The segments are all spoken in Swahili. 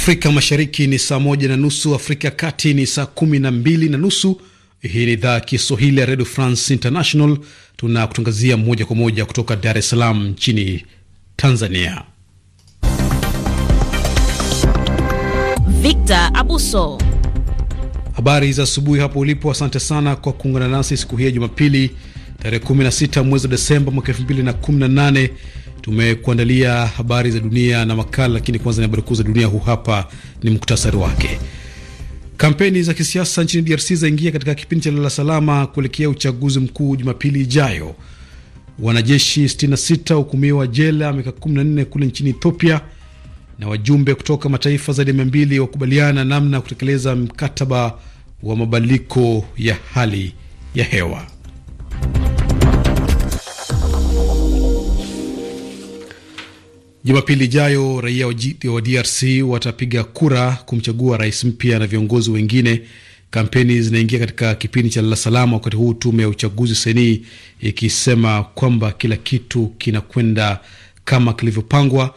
Afrika Mashariki ni saa moja na nusu, Afrika ya Kati ni saa kumi na mbili na nusu. Hii ni idhaa ya Kiswahili ya Redio France International. Tunakutangazia moja kwa moja kutoka Dar es Salaam nchini Tanzania. Victor Abuso, habari za asubuhi hapo ulipo. Asante sana kwa kuungana nasi siku hii ya Jumapili, tarehe 16 mwezi wa Desemba mwaka 2018. Tumekuandalia habari za dunia na makala, lakini kwanza ni habari kuu za dunia. Huu hapa ni muktasari wake. Kampeni za kisiasa nchini DRC zaingia katika kipindi cha lala salama kuelekea uchaguzi mkuu Jumapili ijayo. Wanajeshi 66 hukumiwa jela miaka 14 kule nchini Ethiopia, na wajumbe kutoka mataifa zaidi ya mia mbili wakubaliana namna ya kutekeleza mkataba wa mabadiliko ya hali ya hewa. Jumapili ijayo raia wa DRC watapiga kura kumchagua rais mpya na viongozi wengine. Kampeni zinaingia katika kipindi cha lala salama, wakati huu tume ya uchaguzi seni ikisema kwamba kila kitu kinakwenda kama kilivyopangwa.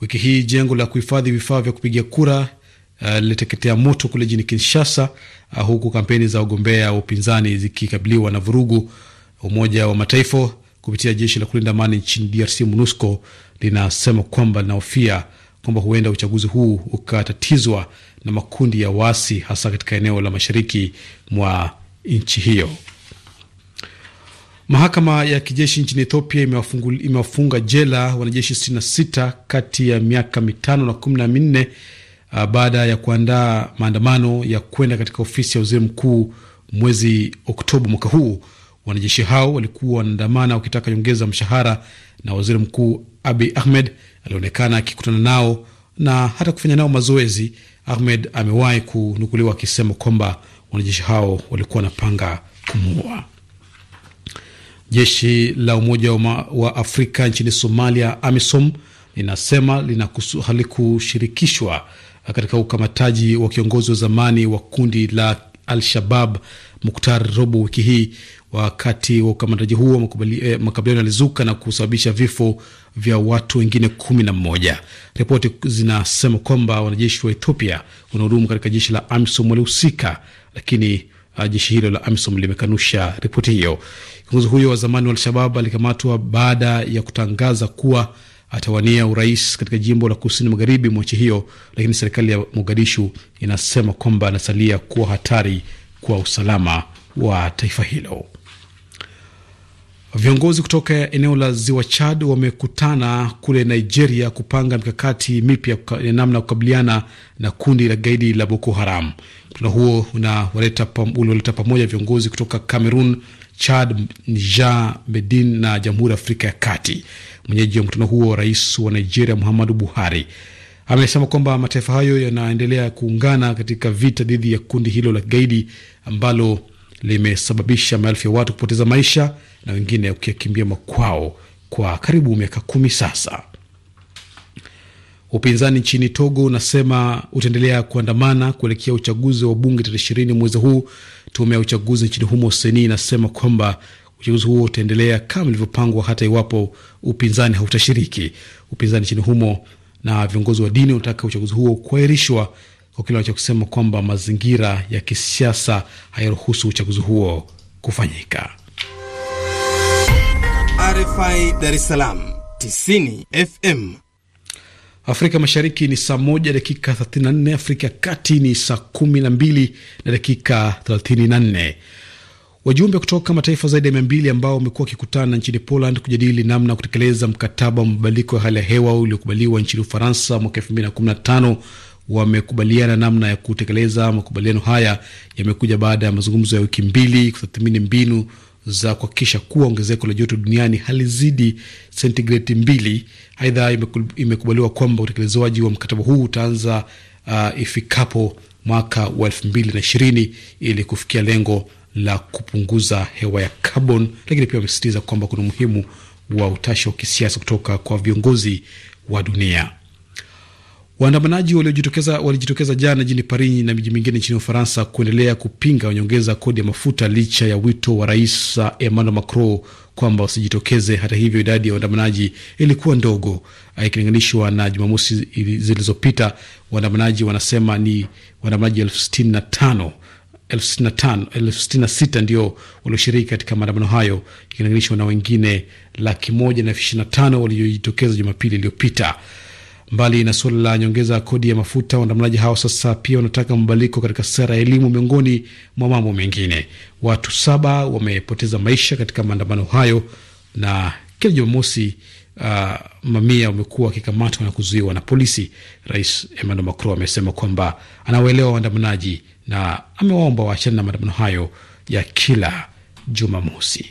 Wiki hii jengo la kuhifadhi vifaa vya kupiga kura uh, liliteketea moto kule jini Kinshasa, uh, huku kampeni za wagombea wa upinzani zikikabiliwa na vurugu. Umoja wa Mataifa kupitia jeshi la kulinda amani nchini DRC MONUSCO linasema kwamba linahofia kwamba huenda uchaguzi huu ukatatizwa na makundi ya waasi hasa katika eneo la mashariki mwa nchi hiyo. Mahakama ya kijeshi nchini Ethiopia imewafunga jela wanajeshi 66 kati ya miaka mitano na kumi na minne uh, baada ya kuandaa maandamano ya kwenda katika ofisi ya waziri mkuu mwezi Oktoba mwaka huu. Wanajeshi hao walikuwa wanaandamana wakitaka nyongeza mshahara, na waziri mkuu Abi Ahmed alionekana akikutana nao na hata kufanya nao mazoezi. Ahmed amewahi kunukuliwa akisema kwamba wanajeshi hao walikuwa wanapanga kumuua. Jeshi la Umoja wa Afrika nchini Somalia, AMISOM, linasema halikushirikishwa katika ukamataji wa kiongozi wa zamani wa kundi la Al-Shabab Muktar Robo wiki hii Wakati wa ukamataji huo eh, makabiliano yalizuka na kusababisha vifo vya watu wengine kumi na mmoja. Ripoti zinasema kwamba wanajeshi wa Ethiopia wanahudumu katika jeshi la AMISOM walihusika, lakini uh, jeshi hilo la AMISOM limekanusha ripoti hiyo. Kiongozi huyo wa zamani wa Al-Shabab alikamatwa baada ya kutangaza kuwa atawania urais katika jimbo la kusini magharibi mwa nchi hiyo, lakini serikali ya Mogadishu inasema kwamba anasalia kuwa hatari kwa usalama wa taifa hilo. Viongozi kutoka eneo la ziwa Chad wamekutana kule Nigeria kupanga mikakati mipya ya namna ya kukabiliana na kundi la gaidi la Boko Haram. Mkutano huo ulioleta pa, pamoja viongozi kutoka Cameroon, Chad, Niger, Benin na Jamhuri ya Afrika ya Kati. Mwenyeji wa mkutano huo, rais wa Nigeria Muhammadu Buhari, amesema kwamba mataifa hayo yanaendelea kuungana katika vita dhidi ya kundi hilo la gaidi ambalo limesababisha maelfu ya watu kupoteza maisha na wengine kuyakimbia makwao kwa karibu miaka kumi sasa. Upinzani nchini Togo unasema utaendelea kuandamana kuelekea uchaguzi wa bunge tarehe ishirini mwezi huu. Tume ya uchaguzi nchini humo seni inasema kwamba uchaguzi huo utaendelea kama ilivyopangwa hata iwapo upinzani hautashiriki. Upinzani nchini humo na viongozi wa dini wanataka uchaguzi huo kuahirishwa kwa kile wanacho kusema kwamba mazingira ya kisiasa hayaruhusu uchaguzi huo kufanyika. RFI Dar es Salaam 90 FM. Afrika Mashariki ni saa moja dakika 34, Afrika ya Kati ni saa 12 na dakika 34. Wajumbe kutoka mataifa zaidi ya mia mbili ambao wamekuwa wakikutana nchini Poland kujadili namna ya kutekeleza mkataba wa mabadiliko ya hali ya hewa uliokubaliwa nchini Ufaransa mwaka 2015 wamekubaliana namna ya kutekeleza makubaliano haya. Yamekuja baada ya mazungumzo ya wiki mbili kutathmini mbinu za kuhakikisha kuwa ongezeko la joto duniani halizidi sentigreti mbili. Aidha, imekubaliwa kwamba utekelezaji wa mkataba huu utaanza uh, ifikapo mwaka wa elfu mbili na ishirini ili kufikia lengo la kupunguza hewa ya carbon, lakini pia wamesisitiza kwamba kuna umuhimu wa utashi wa kisiasa kutoka kwa viongozi wa dunia. Waandamanaji waliojitokeza walijitokeza jana jijini Paris na miji mingine nchini Ufaransa kuendelea kupinga nyongeza kodi ya mafuta licha ya wito wa Rais Emmanuel Macron kwamba wasijitokeze. Hata hivyo, idadi ya waandamanaji ilikuwa ndogo ikilinganishwa na Jumamosi zilizopita. Waandamanaji wanasema ni waandamanaji elfu sitini na tano elfu sitini na tano elfu sitini na sita ndio walioshiriki katika maandamano hayo ikilinganishwa na wengine laki moja na elfu ishirini na tano waliojitokeza Jumapili iliyopita. Mbali na suala la nyongeza ya kodi ya mafuta, waandamanaji hao sasa pia wanataka mabadiliko katika sera ya elimu, miongoni mwa mambo mengine. Watu saba wamepoteza maisha katika maandamano hayo, na kila Jumamosi uh, mamia wamekuwa wakikamatwa na kuzuiwa na polisi. Rais Emmanuel Macron amesema kwamba anawaelewa waandamanaji na amewaomba waachane na maandamano hayo ya kila Jumamosi.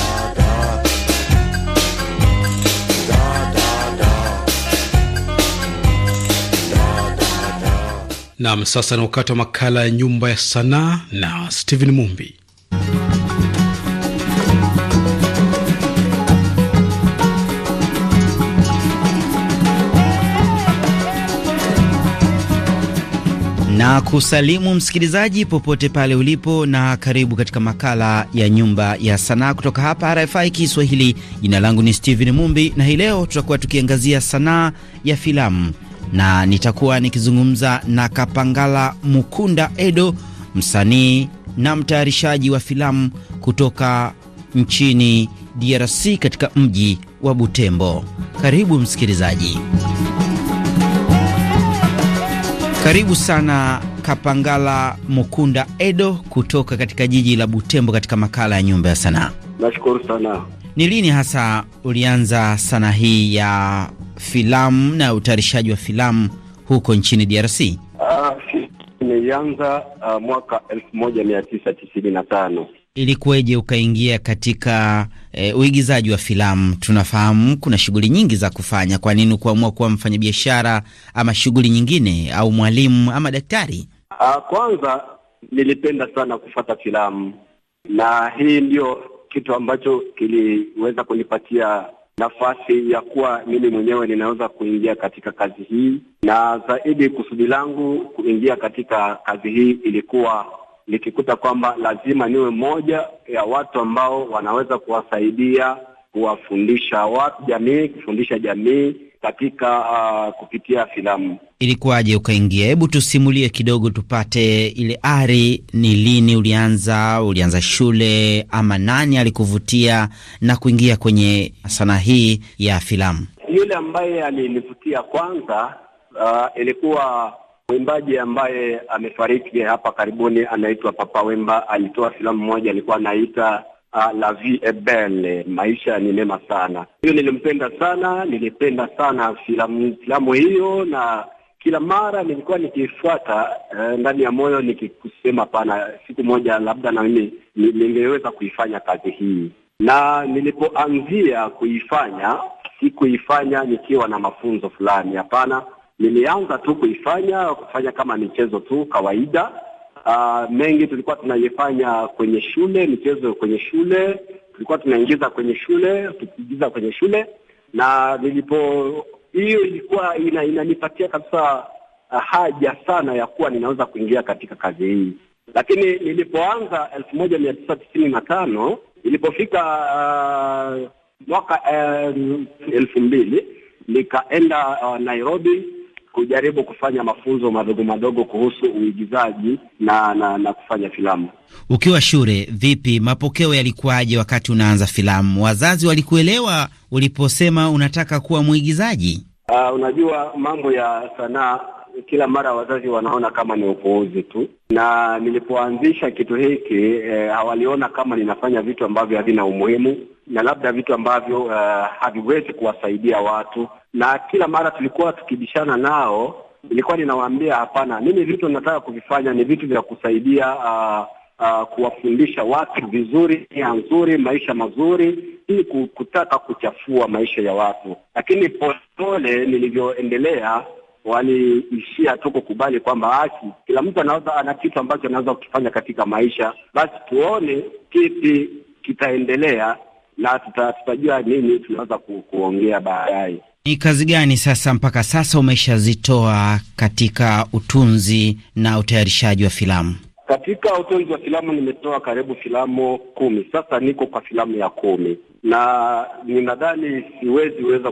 Nam, sasa ni wakati wa makala ya Nyumba ya Sanaa na Stephen Mumbi. na kusalimu msikilizaji popote pale ulipo, na karibu katika makala ya nyumba ya sanaa kutoka hapa RFI Kiswahili. Jina langu ni Steven Mumbi, na hii leo tutakuwa tukiangazia sanaa ya filamu na nitakuwa nikizungumza na Kapangala Mukunda Edo, msanii na mtayarishaji wa filamu kutoka nchini DRC katika mji wa Butembo. Karibu msikilizaji. Karibu sana Kapangala Mukunda Edo kutoka katika jiji la Butembo katika makala ya Nyumba ya Sanaa. Nashukuru sana. Ni lini hasa ulianza sanaa hii ya filamu na utayarishaji wa filamu huko nchini DRC? Ah, nilianza uh, uh, mwaka elfu moja mia tisa tisini na tano. Ilikuweje ukaingia katika e, uigizaji wa filamu? Tunafahamu kuna shughuli nyingi za kufanya. Kwa nini kuamua kuwa mfanyabiashara ama shughuli nyingine au mwalimu ama daktari? Uh, kwanza nilipenda sana kufata filamu na hii ndio kitu ambacho kiliweza kunipatia nafasi ya kuwa mimi mwenyewe ninaweza kuingia katika kazi hii, na zaidi kusudi langu kuingia katika kazi hii ilikuwa nikikuta kwamba lazima niwe moja ya watu ambao wanaweza kuwasaidia kuwafundisha watu jamii, kufundisha jamii katika uh, kupitia filamu. Ilikuwaje ukaingia? Hebu tusimulie kidogo tupate ile ari. Ni lini ulianza? Ulianza shule ama nani alikuvutia na kuingia kwenye sanaa hii ya filamu? Yule ambaye alinivutia kwanza uh, ilikuwa mwimbaji ambaye amefariki hapa karibuni, anaitwa Papa Wemba. Alitoa filamu moja, alikuwa anaita uh, la vie est belle, maisha ni mema sana. Hiyo nilimpenda sana, nilipenda sana filamu filamu hiyo, na kila mara nilikuwa nikiifuata uh, ndani ya moyo nikikusema, pana siku moja labda na mimi ningeweza kuifanya kazi hii. Na nilipoanzia kuifanya, sikuifanya nikiwa na mafunzo fulani, hapana. Nilianza tu kuifanya kufanya kama michezo tu kawaida Uh, mengi tulikuwa tunayefanya kwenye shule, michezo kwenye shule tulikuwa tunaingiza kwenye shule, tukiingiza kwenye shule na nilipo, hiyo ilikuwa ina, inanipatia kabisa ah, haja sana ya kuwa ninaweza kuingia katika kazi hii, lakini nilipoanza elfu moja mia tisa tisini na tano ilipofika uh, ah, mwaka uh, elfu mbili nikaenda uh, Nairobi kujaribu kufanya mafunzo madogo madogo kuhusu uigizaji na, na, na kufanya filamu. Ukiwa shule, vipi, mapokeo yalikuwaje wakati unaanza filamu? Wazazi walikuelewa uliposema unataka kuwa mwigizaji? Uh, unajua mambo ya sanaa kila mara wazazi wanaona kama ni upuuzi tu, na nilipoanzisha kitu hiki eh, hawaliona kama ninafanya vitu ambavyo havina umuhimu na labda vitu ambavyo uh, haviwezi kuwasaidia watu, na kila mara tulikuwa tukibishana nao. Nilikuwa ninawaambia hapana, mimi vitu nataka kuvifanya ni vitu vya kusaidia uh, uh, kuwafundisha watu vizuri, nia nzuri, maisha mazuri, ili kutaka kuchafua maisha ya watu. Lakini polepole nilivyoendelea waliishia tu kukubali kwamba basi ah, kila mtu anaweza ana kitu ambacho anaweza kukifanya katika maisha, basi tuone kipi kitaendelea na tuta, tutajua nini tunaweza ku, kuongea baadaye. Ni kazi gani sasa mpaka sasa umeshazitoa katika utunzi na utayarishaji wa filamu? Katika utonzi wa filamu nimetoa karibu filamu kumi, sasa niko kwa filamu ya kumi na ninadhani siwezi weza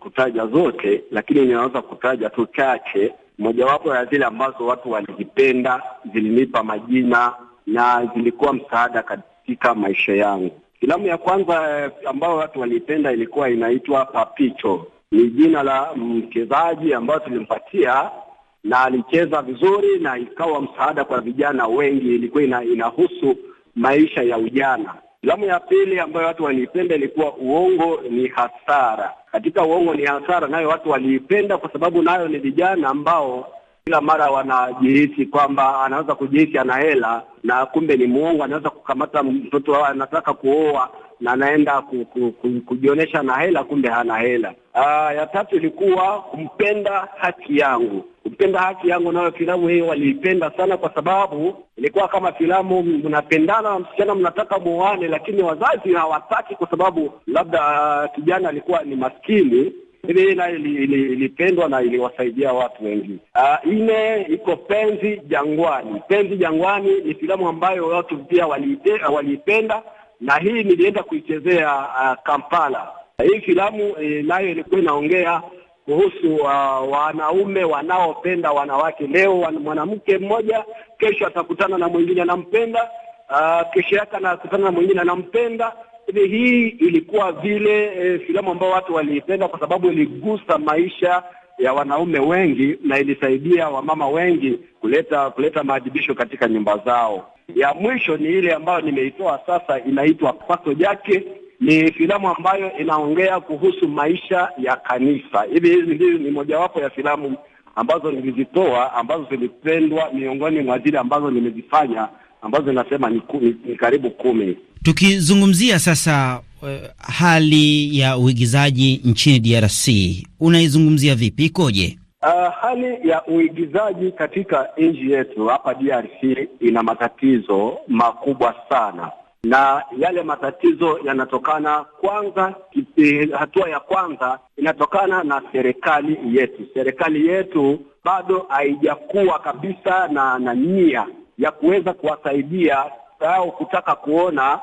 kutaja zote, lakini ninaweza kutaja tu chache. Mojawapo ya zile ambazo watu walizipenda, zilinipa majina na zilikuwa msaada katika maisha yangu. Filamu ya kwanza eh, ambayo watu waliipenda ilikuwa inaitwa Papicho. Ni jina la mchezaji ambayo tulimpatia na alicheza vizuri na ikawa msaada kwa vijana wengi. Ilikuwa ina, inahusu maisha ya ujana. Filamu ya pili ambayo watu waliipenda ilikuwa Uongo ni Hasara. Katika Uongo ni Hasara nayo watu waliipenda kwa sababu nayo ni vijana ambao kila mara wanajihisi kwamba anaweza kujihisi ana hela na kumbe ni muongo, anaweza kukamata mtoto anataka kuoa na anaenda kujionyesha na hela kumbe hana hela. Aa, ah, ya tatu ilikuwa kumpenda haki yangu, kumpenda haki yangu. Nayo filamu hiyo waliipenda sana, kwa sababu ilikuwa kama filamu mnapendana na msichana, mnataka muoane, lakini wazazi hawataki kwa sababu labda ah, kijana alikuwa ni maskini hivi nayo ilipendwa na iliwasaidia watu wengi. Uh, ine iko Penzi Jangwani. Penzi Jangwani ni filamu ambayo watu pia waliipenda, na hii nilienda kuichezea uh, Kampala. Hii filamu eh, nayo ilikuwa inaongea kuhusu uh, wanaume wanaopenda wanawake. Leo wan, mwanamke mmoja, kesho atakutana na mwingine anampenda, uh, kesho yake anakutana na mwingine anampenda. Hivi hii ilikuwa vile eh, filamu ambayo watu waliipenda kwa sababu iligusa maisha ya wanaume wengi na ilisaidia wamama wengi kuleta kuleta maadhibisho katika nyumba zao. Ya mwisho ni ile ambayo nimeitoa sasa, inaitwa pato Jake. Ni filamu ambayo inaongea kuhusu maisha ya kanisa. Hivi hizi ndio ni mojawapo ya filamu ambazo nilizitoa ambazo zilipendwa miongoni mwa zile ambazo nimezifanya ambazo nasema ni, ku, ni, ni karibu kumi. Tukizungumzia sasa uh, hali ya uigizaji nchini DRC unaizungumzia vipi? Ikoje? Uh, hali ya uigizaji katika nchi yetu hapa DRC ina matatizo makubwa sana na yale matatizo yanatokana kwanza, kiti, eh, hatua ya kwanza inatokana na serikali yetu. Serikali yetu bado haijakuwa kabisa na, na nia ya kuweza kuwasaidia au kutaka kuona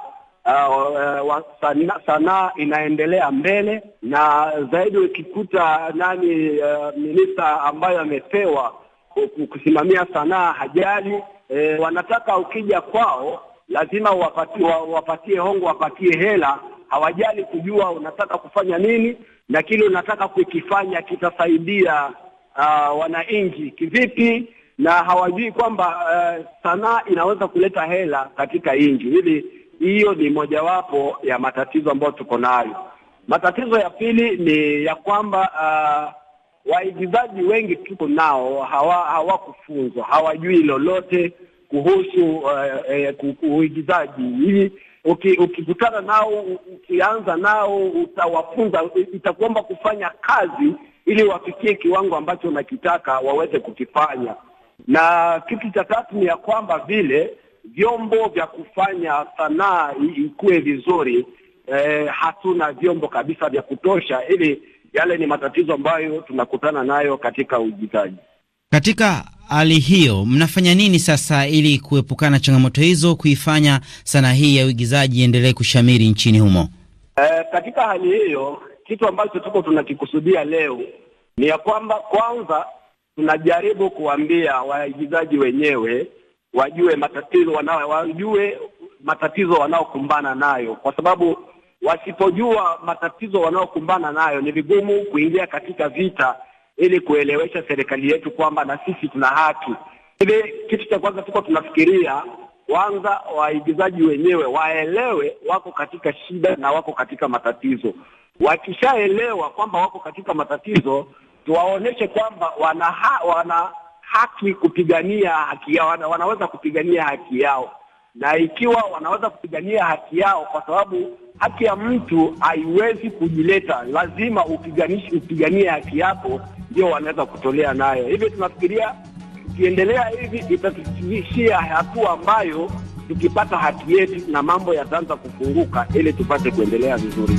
Uh, uh sanaa sana inaendelea mbele na zaidi, ukikuta nani uh, minista ambayo amepewa kusimamia sanaa hajali. E, wanataka ukija kwao lazima wapatie, wapatie hongo, wapatie hela. Hawajali kujua unataka kufanya nini na kile unataka kukifanya kitasaidia uh, wananchi kivipi, na hawajui kwamba uh, sanaa inaweza kuleta hela katika nchi hili. Hiyo ni mojawapo ya matatizo ambayo tuko nayo. Matatizo ya pili ni ya kwamba uh, waigizaji wengi tuko nao hawakufunzwa, hawa hawajui lolote kuhusu eh, eh, uigizaji uh, uh, hivi ukikutana nao ukianza nao utawafunza, itakuomba kufanya kazi ili wafikie kiwango ambacho unakitaka waweze kukifanya. Na kitu cha tatu ni ya kwamba vile vyombo vya kufanya sanaa ikuwe vizuri eh, hatuna vyombo kabisa vya kutosha, ili yale ni matatizo ambayo tunakutana nayo katika uigizaji. Katika hali hiyo mnafanya nini sasa ili kuepukana changamoto hizo, kuifanya sanaa hii ya uigizaji iendelee kushamiri nchini humo? Uh, katika hali hiyo kitu ambacho tuko tunakikusudia leo ni ya kwamba kwanza tunajaribu kuambia waigizaji wenyewe wajue matatizo wanao, wajue matatizo wanaokumbana nayo, kwa sababu wasipojua matatizo wanaokumbana nayo ni vigumu kuingia katika vita ili kuelewesha serikali yetu kwamba na sisi tuna haki. Ile kitu cha kwanza tuko tunafikiria kwanza, waigizaji wenyewe waelewe wako katika shida na wako katika matatizo. Wakishaelewa kwamba wako katika matatizo, tuwaonyeshe kwamba wana ha, wana haki kupigania haki yao, wana, wanaweza kupigania haki yao, na ikiwa wanaweza kupigania haki yao kwa sababu haki ya mtu haiwezi kujileta, lazima upiganishi, upiganie haki yako, ndio wanaweza kutolea nayo. Hivyo tunafikiria tukiendelea hivi itatuishia hatua ambayo tukipata haki yetu na mambo yataanza kufunguka ili tupate kuendelea vizuri.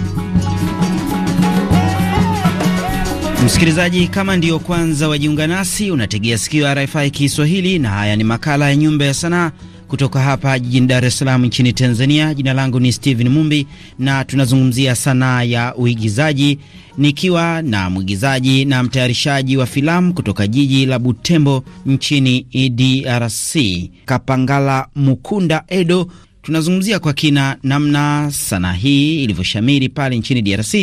Msikilizaji, kama ndiyo kwanza wajiunga nasi, unategea sikio RFI Kiswahili, na haya ni makala ya Nyumba ya Sanaa kutoka hapa jijini Dar es Salaam nchini Tanzania. Jina langu ni Steven Mumbi na tunazungumzia sanaa ya uigizaji nikiwa na mwigizaji na mtayarishaji wa filamu kutoka jiji la Butembo nchini e DRC, Kapangala Mukunda Edo tunazungumzia kwa kina namna sanaa hii ilivyoshamiri pale nchini DRC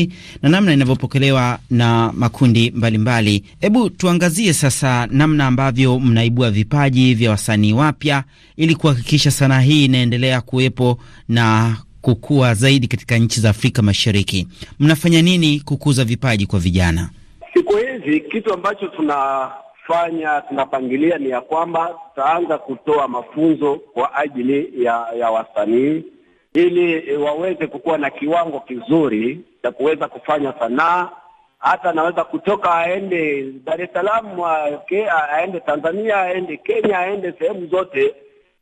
na namna inavyopokelewa na makundi mbalimbali. Hebu mbali, tuangazie sasa namna ambavyo mnaibua vipaji vya wasanii wapya ili kuhakikisha sanaa hii inaendelea kuwepo na kukua zaidi katika nchi za Afrika Mashariki. Mnafanya nini kukuza vipaji kwa vijana siku hizi? Kitu ambacho tuna tunafanya tunapangilia ni ya kwamba tutaanza kutoa mafunzo kwa ajili ya, ya wasanii ili e, waweze kukuwa na kiwango kizuri cha kuweza kufanya sanaa. Hata anaweza kutoka aende Dar es Salaam, aende Tanzania, aende Kenya, aende sehemu zote,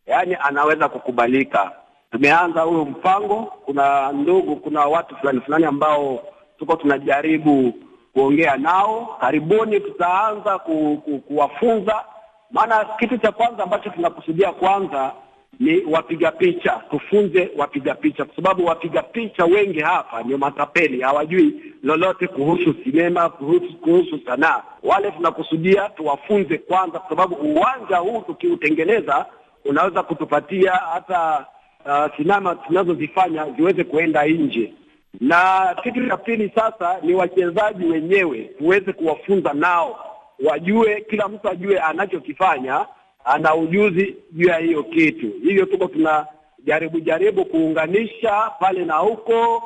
yaani anaweza kukubalika. Tumeanza huyo mpango. Kuna ndugu, kuna watu fulani fulani ambao tuko tunajaribu kuongea nao. Karibuni tutaanza ku, ku, kuwafunza, maana kitu cha kwanza ambacho tunakusudia kwanza ni wapiga picha, tufunze wapiga picha, kwa sababu wapiga picha wengi hapa ni matapeli, hawajui lolote kuhusu sinema, kuhusu, kuhusu sanaa. Wale tunakusudia tuwafunze kwanza, kwa sababu uwanja huu tukiutengeneza unaweza kutupatia hata uh, sinema tunazozifanya ziweze kuenda nje. Na kitu cha pili sasa ni wachezaji wenyewe, tuweze kuwafunza nao, wajue, kila mtu ajue anachokifanya, ana ujuzi juu ya hiyo kitu. Hivyo tuko tuna jaribu jaribu kuunganisha pale na huko,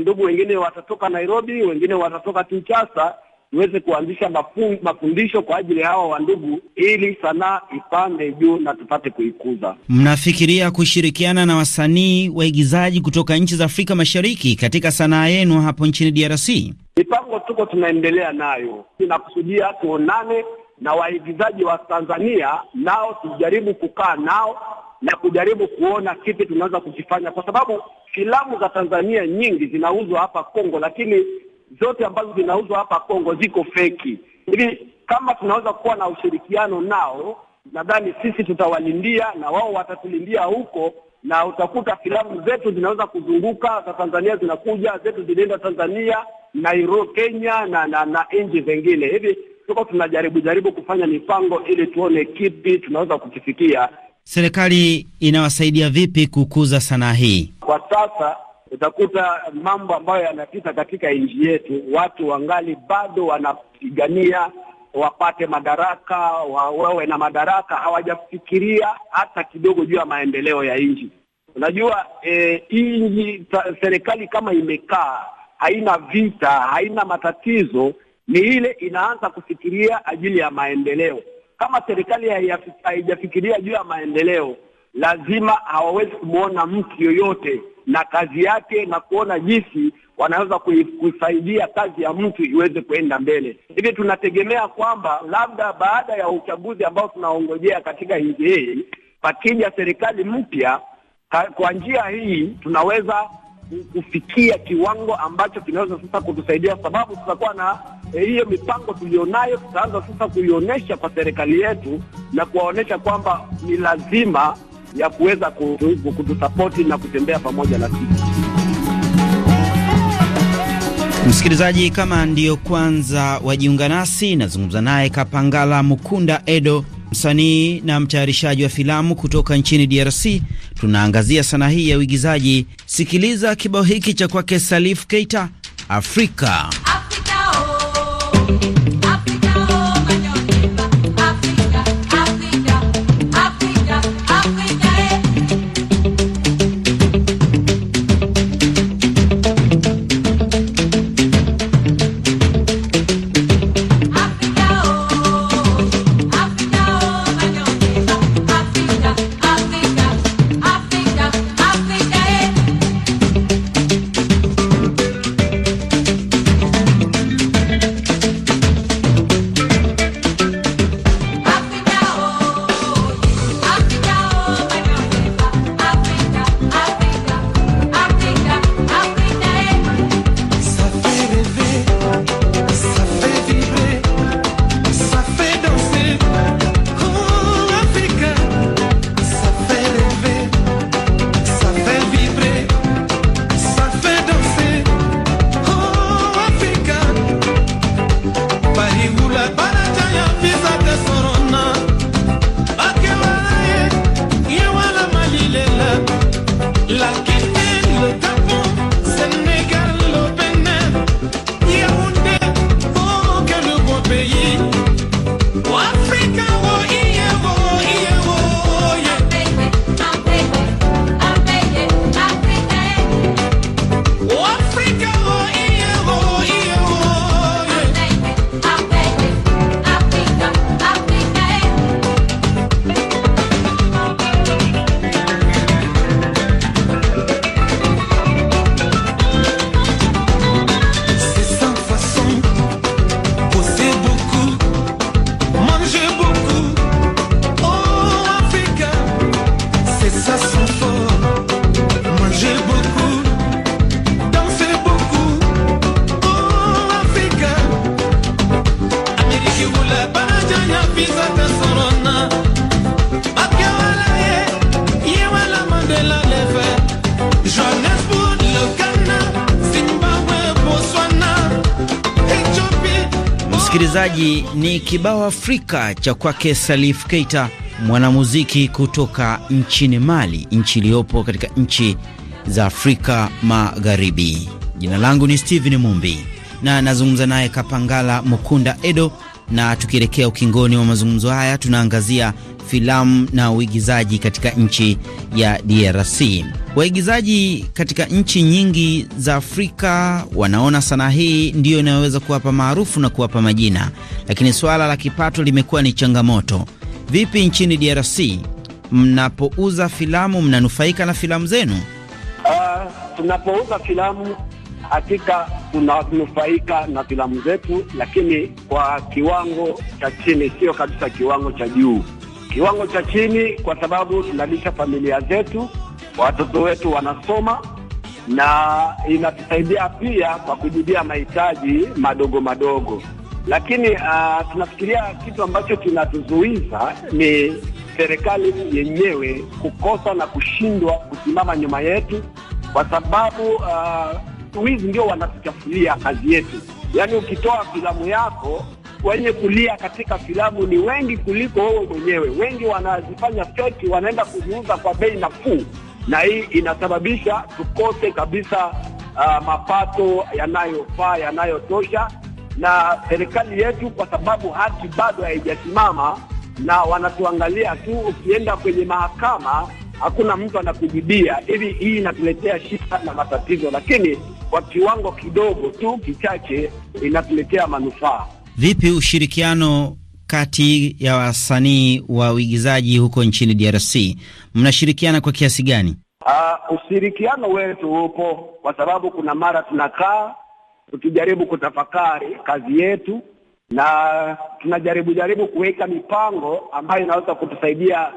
ndugu wengine watatoka Nairobi, wengine watatoka Kinshasa tuweze kuanzisha mafundisho kwa ajili ya hawa wandugu, ili sanaa ipande juu na tupate kuikuza. Mnafikiria kushirikiana na wasanii waigizaji kutoka nchi za Afrika Mashariki katika sanaa yenu hapo nchini DRC? Mipango tuko tunaendelea nayo, tunakusudia tuonane na waigizaji wa Tanzania nao tujaribu kukaa nao na kujaribu kuona kipi tunaweza kukifanya, kwa sababu filamu za Tanzania nyingi zinauzwa hapa Kongo, lakini zote ambazo zinauzwa hapa Kongo ziko feki. Hivi kama tunaweza kuwa na ushirikiano nao, nadhani sisi tutawalindia na wao watatulindia huko, na utakuta filamu zetu zinaweza kuzunguka za Tanzania, zinakuja zetu zinaenda Tanzania, Nairobi, Kenya na na, na nchi zingine. Hivi tuko tunajaribu jaribu kufanya mipango ili tuone kipi tunaweza kukifikia. Serikali inawasaidia vipi kukuza sanaa hii? Kwa sasa utakuta mambo ambayo yanapita katika nchi yetu, watu wangali bado wanapigania wapate madaraka, wawe na madaraka, hawajafikiria hata kidogo juu ya maendeleo ya nchi. Unajua e, nchi serikali kama imekaa haina vita, haina matatizo, ni ile inaanza kufikiria ajili ya maendeleo. Kama serikali haijafikiria juu ya maendeleo, lazima hawawezi kumwona mtu yoyote na kazi yake na kuona jinsi wanaweza kuisaidia kazi ya mtu iweze kuenda mbele. Hivi tunategemea kwamba labda baada ya uchaguzi ambao tunaongojea katika nchi hii, pakija serikali mpya, kwa njia hii tunaweza kufikia kiwango ambacho kinaweza sasa kutusaidia, sababu tutakuwa na eh, hiyo e, mipango tulionayo, tutaanza sasa kuionyesha kwa serikali yetu na kuwaonyesha kwamba ni lazima ya kuweza kutusapoti na kutembea pamoja na sisi. Msikilizaji, kama ndiyo kwanza wajiunga nasi, nazungumza naye Kapangala Mukunda Edo, msanii na mtayarishaji wa filamu kutoka nchini DRC. Tunaangazia sanaa hii ya uigizaji. Sikiliza kibao hiki cha kwake Salif Keita, Afrika. msikilizaji, ni kibao Afrika cha kwake Salif Keita, mwanamuziki kutoka nchini Mali, nchi iliyopo katika nchi za Afrika Magharibi. Jina langu ni Steven Mumbi na nazungumza naye Kapangala Mukunda Edo, na tukielekea ukingoni wa mazungumzo haya tunaangazia filamu na uigizaji katika nchi ya DRC. Waigizaji katika nchi nyingi za Afrika wanaona sanaa hii ndiyo inayoweza kuwapa maarufu na kuwapa majina, lakini suala la kipato limekuwa ni changamoto. Vipi nchini DRC, mnapouza filamu mnanufaika na filamu zenu? Uh, tunapouza filamu hakika tunanufaika na filamu zetu, lakini kwa kiwango cha chini, sio kabisa kiwango cha juu, kiwango cha chini, kwa sababu tunalisha familia zetu watoto wetu wanasoma na inatusaidia pia kwa kujibia mahitaji madogo madogo, lakini uh, tunafikiria kitu ambacho kinatuzuiza ni serikali yenyewe kukosa na kushindwa kusimama nyuma yetu, kwa sababu uh, wizi ndio wanatuchafulia kazi yetu. Yaani, ukitoa filamu yako wenye kulia katika filamu ni wengi kuliko wewe mwenyewe. Wengi wanazifanya feki, wanaenda kuziuza kwa bei nafuu na hii inasababisha tukose kabisa uh, mapato yanayofaa yanayotosha, na serikali yetu, kwa sababu haki bado haijasimama na wanatuangalia tu. Ukienda kwenye mahakama hakuna mtu anakujibia hivi. Hii inatuletea shida na matatizo, lakini kwa kiwango kidogo tu kichache inatuletea manufaa. Vipi ushirikiano kati ya wasanii wa uigizaji huko nchini DRC mnashirikiana kwa kiasi gani? Uh, ushirikiano wetu upo kwa sababu kuna mara tunakaa tukijaribu kutafakari kazi yetu na tunajaribu jaribu kuweka mipango ambayo inaweza kutusaidia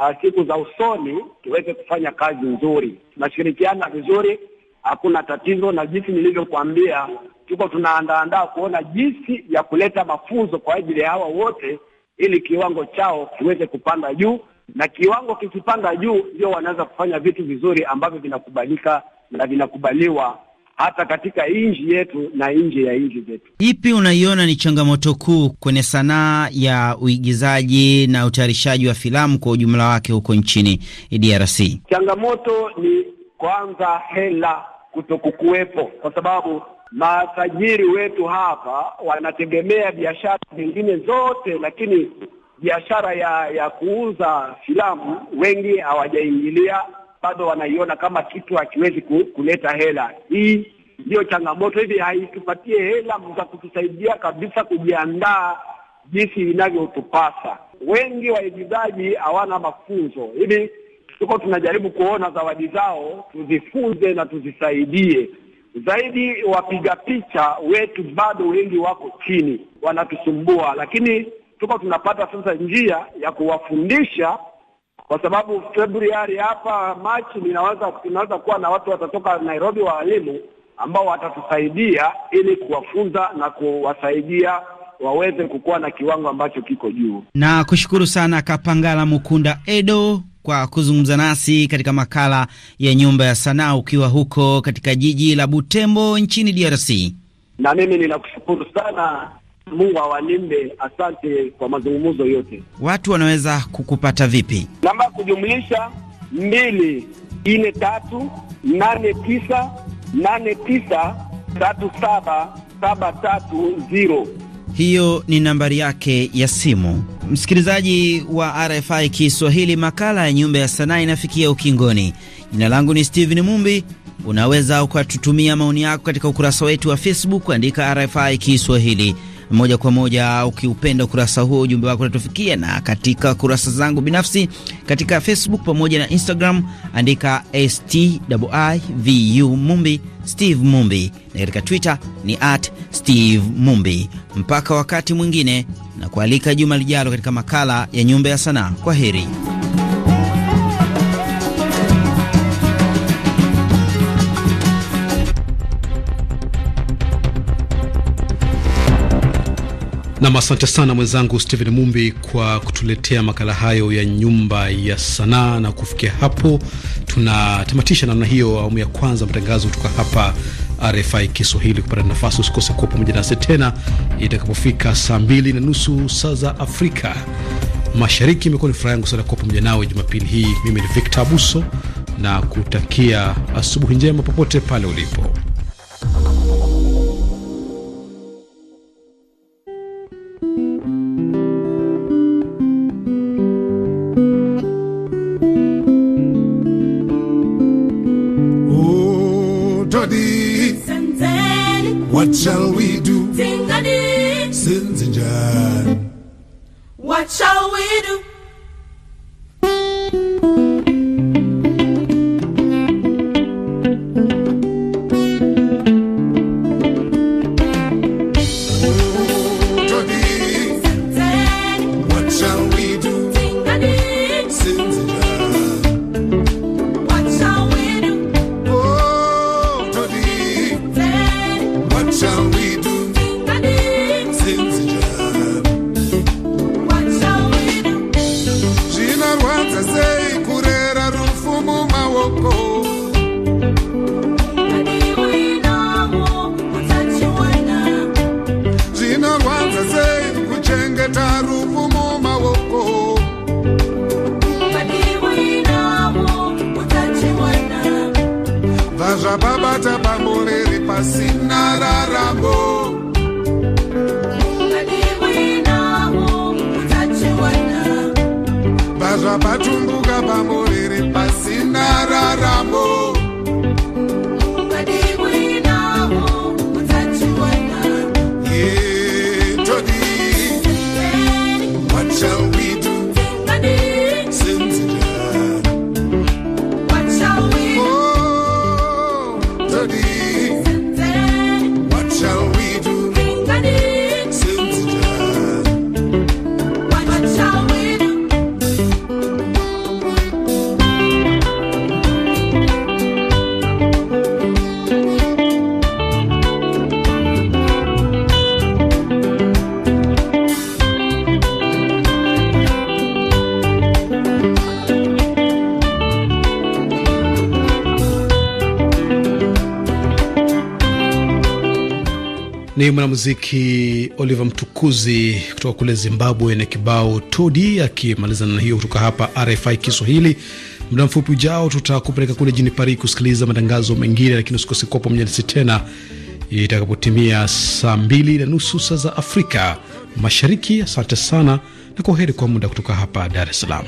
uh, siku za usoni tuweze kufanya kazi nzuri. Tunashirikiana vizuri, hakuna tatizo, na jinsi nilivyokuambia, tuko tunaandaandaa kuona jinsi ya kuleta mafunzo kwa ajili ya hawa wote, ili kiwango chao kiweze kupanda juu, na kiwango kikipanda juu ndio wanaweza kufanya vitu vizuri ambavyo vinakubalika na vinakubaliwa hata katika nchi yetu na nje ya nchi zetu. Ipi unaiona ni changamoto kuu kwenye sanaa ya uigizaji na utayarishaji wa filamu kwa ujumla wake huko nchini DRC? Changamoto ni kwanza hela kutokukuwepo, kwa sababu matajiri wetu hapa wanategemea biashara zingine zote, lakini biashara ya ya kuuza filamu wengi hawajaingilia bado, wanaiona kama kitu hakiwezi kuleta hela. Hii ndiyo changamoto, hivi haitupatie hela za kutusaidia kabisa kujiandaa jinsi inavyotupasa. Wengi waigizaji hawana mafunzo, hivi tuko tunajaribu kuona zawadi zao tuzifunze na tuzisaidie. Zaidi wapiga picha wetu bado wengi wako chini, wanatusumbua, lakini tuko tunapata sasa njia ya kuwafundisha, kwa sababu Februari hapa Machi ninaweza tunaweza kuwa na watu watatoka Nairobi, waalimu ambao watatusaidia ili kuwafunza na kuwasaidia waweze kukuwa na kiwango ambacho kiko juu. Na kushukuru sana Kapangala Mukunda Edo kwa kuzungumza nasi katika makala ya Nyumba ya Sanaa ukiwa huko katika jiji la Butembo nchini DRC. Na mimi ninakushukuru sana, Mungu awalinde. Asante kwa mazungumzo yote. Watu wanaweza kukupata vipi? Namba kujumlisha mbili nne tatu nane tisa nane tisa tatu saba saba tatu hiyo ni nambari yake ya simu. Msikilizaji wa RFI Kiswahili, makala ya Nyumba ya Sanaa inafikia ukingoni. Jina langu ni Steven Mumbi. Unaweza ukatutumia maoni yako katika ukurasa wetu wa Facebook, andika RFI Kiswahili moja kwa moja. Ukiupenda ukurasa huo, ujumbe wako unatufikia. na katika kurasa zangu binafsi katika Facebook pamoja na Instagram andika Stivu Mumbi, Steve Mumbi, na katika Twitter ni at Steve Mumbi. Mpaka wakati mwingine, na kualika juma lijalo katika makala ya Nyumba ya Sanaa. Kwa heri. Nam, asante sana mwenzangu Stephen Mumbi kwa kutuletea makala hayo ya nyumba ya sanaa. Na kufikia hapo, tunatamatisha namna hiyo awamu ya kwanza matangazo kutoka hapa RFI Kiswahili. Kupata nafasi, usikose kuwa pamoja nasi tena itakapofika saa mbili na nusu saa za Afrika Mashariki. Imekuwa ni furaha yangu sana kuwa pamoja nawe Jumapili hii. Mimi ni Victor Abuso na kutakia asubuhi njema popote pale ulipo. pasina rarambo bazvabatumbuka pamuviri pasina rarambo Ni mwanamuziki Oliver Mtukuzi kutoka kule Zimbabwe na kibao Todi, akimalizana na hiyo kutoka hapa RFI Kiswahili. Muda mfupi ujao tutakupeleka kule jini Paris kusikiliza matangazo mengine, lakini usikose kuwa pamoja nasi tena itakapotimia saa mbili na nusu saa za Afrika Mashariki. Asante sana na kwa heri kwa muda kutoka hapa Dar es Salaam.